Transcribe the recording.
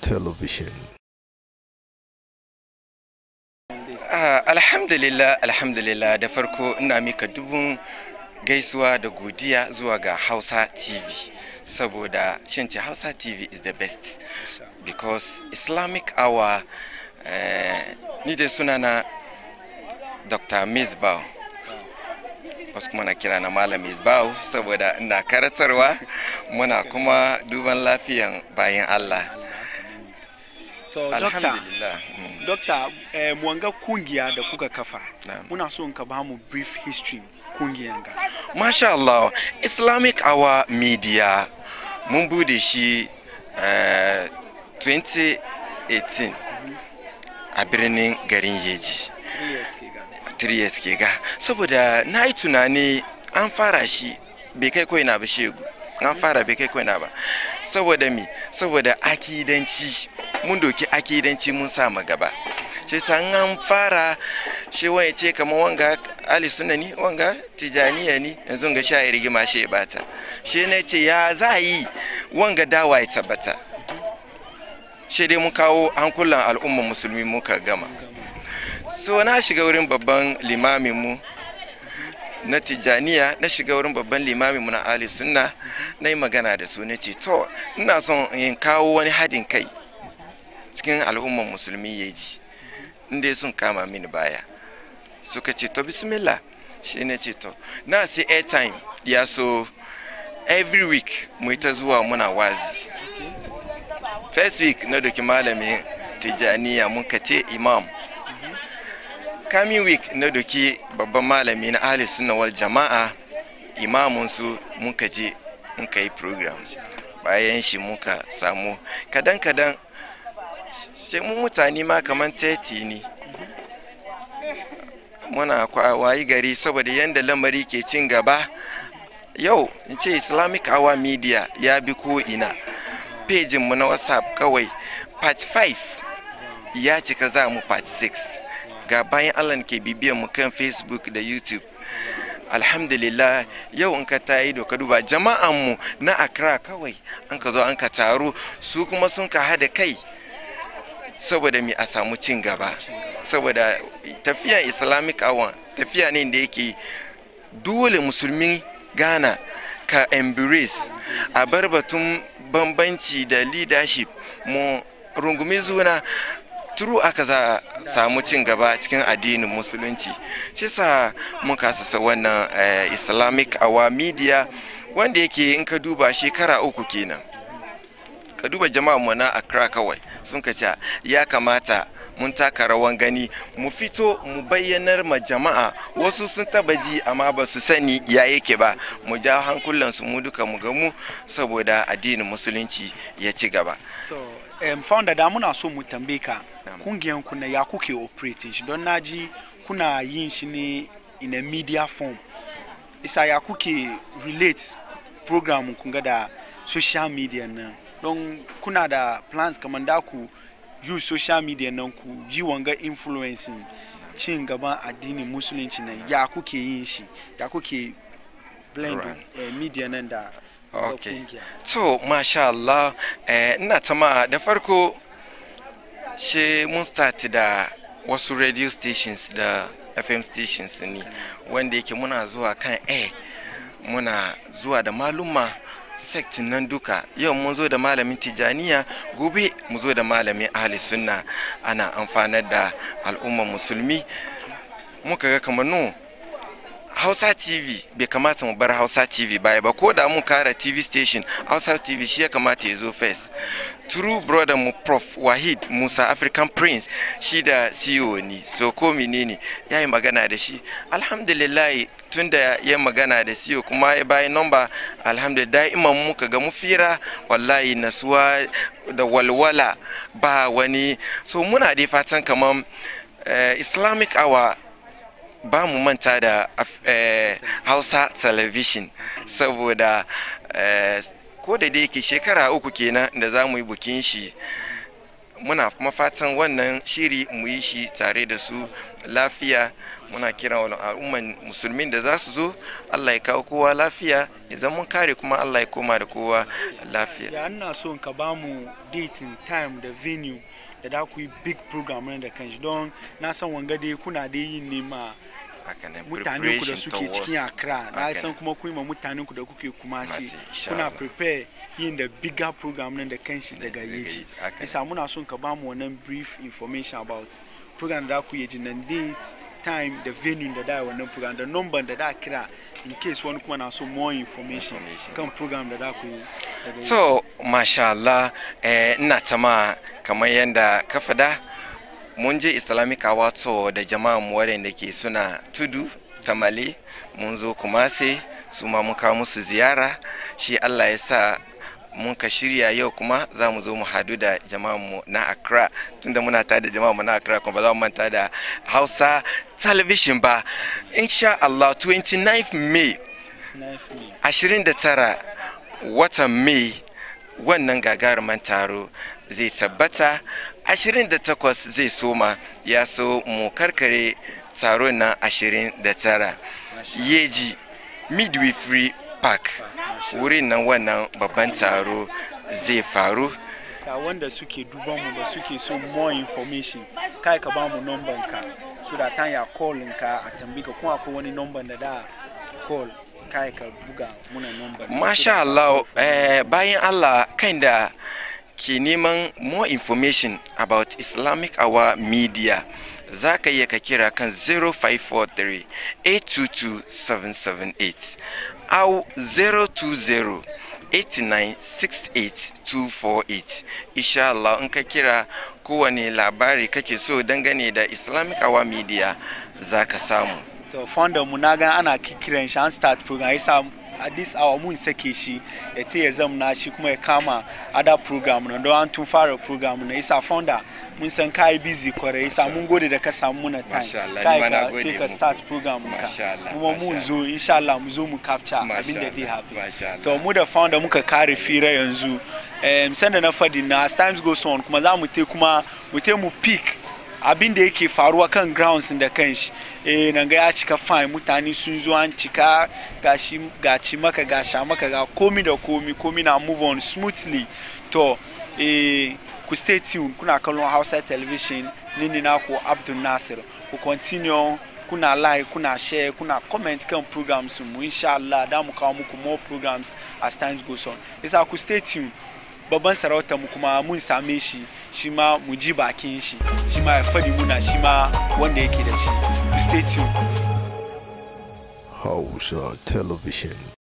Television. Ah, alhamdulillah, alhamdulillah da farko ina mika dubun gaisuwa da godiya zuwa ga Hausa TV saboda shinci Hausa TV is the best because Islamic hour eh, ni dai sunana dr misbah wasu kuma na kira na malam misbah saboda ina karatarwa muna kuma duban lafiyan bayan allah To, dokta, mm. Eh, muwanga kungiya da kuka kafa muna so ka ba mu brief history kungiyan ga masha Allah islamic hour media mun bude shi uh, 2018 mm a birnin garin yeji 3 years ke ga saboda na yi tunani an fara shi bai kai koina ba shegu an fara bai kai koina ba saboda mi saboda akidanci mun doki akidanci mun sa mu gaba shi san an fara shi wani ce kamar wanga ali sunani wanga tijaniya ni yanzu ga sha rigima shi bata shi ne ce ya za yi wanga dawa ya tabbata shi dai mun kawo hankulan al'umma musulmi muka gama so na shiga wurin babban limaminmu na tijaniya na shiga wurin babban limaminmu na ali sunna na yi magana da su na ce to ina son in kawo wani hadin kai cikin al'umman musulmi ya ji inda sun kama mini baya suka ce to bismillah shi ne ce to na sai airtime ya so every week mu ta zuwa muna wazi first week na doki malamin tijaniya mun ce imam coming week na doki babban malami na ahli sunna wal jama'a imamun su muka je muka yi program bayan shi muka samu kadan kadan sai mu mutane ma kamar teti ne muna wayi gari saboda yadda lamari ke cin gaba yau in ce islamic hour media ya bi ko ina pejinmu na whatsapp kawai part 5 ya cika za mu part 6 ga bayan allah ke bibiyan mu kan facebook da youtube alhamdulillah yau in ka ta yi doka duba jama'an mu na accra kawai an ka zo an ka taru su kuma sun ka hada kai saboda mi a samu cin gaba saboda tafiya islamic awa tafiya ne da yake dole musulmi ghana ka embrace a barbatun batun bambanci da leadership mu rungumi zuna turu aka za samu cin gaba cikin addinin musulunci shi sa mun kasasa wannan eh, islamic awa media wanda yake in ka duba shekara uku kenan ka duba jama'a mu a kira kawai sun ka ya kamata mun taka rawan gani mu fito mu bayyanar ma jama'a wasu sun taba ji amma ba su sani ya yake ba mu ja hankulansu su mu duka mu gamu saboda addinin musulunci ya ci gaba to founder da muna so mu tambaye ka kungiyan ku na ya kuke operating shi don naji kuna yin shi ne in a media form isa ya kuke relate program kunga da social media nan don kuna da plans kamar da ku use social media nan ku yi wanga influencing cin gaban addinin musulunci nan ya kuke yin shi ya kuke blend right. eh, media nan da Okay, so masha Allah eh, ina ta ma da farko she mun start da wasu radio stations da fm stations ne wanda yake muna zuwa kan air muna zuwa da maluma sektin nan duka yau mun zo da malamin tijaniya gobe mu zo da malamin ahli sunna ana amfanar da al'ummar musulmi muka ga kamar no hausa tv bai kamata mu bar hausa tv baya ba ko da mun kara tv station hausa tv shi ya kamata ya zo first true brother mu prof wahid musa african prince shi da ceo ne so ko menene ya yi magana da shi alhamdulillah tun da ya magana da ceo kuma ya bayi number alhamdulillah imam muka ga mu fira wallahi nasuwa da walwala ba wani so muna da fatan kamar uh, eh, islamic hour ba mu manta da eh, hausa television saboda eh, ko da dai ke shekara uku kenan da za mu yi bukin shi muna kuma fatan wannan shiri mu yi shi tare da su lafiya muna kira wani al'umman musulmin da za su zo allah ya kawo kowa lafiya ya mun kare kuma allah ya koma da kowa lafiya ya ana son ka ba mu dating time da venue da da ku yi big program da kanshi don na san wanga dai kuna dai yin nema haka ne mutanen ku da suke cikin Accra na san kuma kuma ma mutanen ku da kuke kuma si kuna prepare yin da bigger program nan da kanshi daga yeji isa muna son ka ba mu wannan brief information about program da ku yeji nan date time da venue da da wannan program da number da da kira in case wani kuma na so more information kan program da da ku so masha Allah eh ina tama kamar yanda ka fada mun je islamic awatso da jama'an mu waɗanda ke suna tudu tamale mun zo sai su ma muka musu ziyara shi allah ya sa mun ka shirya yau kuma za mu zo mu hadu da mu na accra tunda muna tare da mu na accra kuma ba za mu manta da hausa television ba insha allah 29 may 29 watan may wannan gagarumin taro zai tabbata 28 zai soma ya so mu karkare taron na 29 yeji midwifery park wurin nan wannan babban taro zai faru wanda suke duban mu da suke so more information kai ka ba mu numban ka so da ta ya call ka a tambi ka kuma akwai wani numban da da call kai ka buga muna numban masha Allah eh bayan Allah kai da ke neman more information about islamic hour media za ka iya ka kira kan 0543 822 778 au 020 8968248 insha Allah in ka kira kowane labari kake so dangane da islamic hour media za ka samu to founder mu na gan ana kiran shi start program a this hour mun sake shi ya ta exam na shi kuma ya kama ada program na don an tun fara program na isa founder mun san kai busy kɔrɛ isa mun gode da ka samu na time kai ka take ka start program ka kuma mun zo insha Allah mu zo mu capture abin da de happen to mu da founder muka kare fira yanzu um, sanda na fadi na as times go on kuma za mu te kuma mu te mu peak abin da yake faruwa kan grounds da kanshi eh nan ga ya cika fine mutane sun zo an cika gashi gaci maka gasha maka ga komi da komi komi na move on smoothly to eh ku stay tuned kuna kallon Hausa television nini na ku Abdul Nasir ku continue kuna like kuna share kuna comment kan programs mu insha Allah da mu kawo muku more programs as time goes on isa ku stay tuned babban sarauta mu kuma mun same shi shi ma mu ji bakin shi shi ma ya faɗi muna shi ma wanda yake da shi stay tuned Hausa Television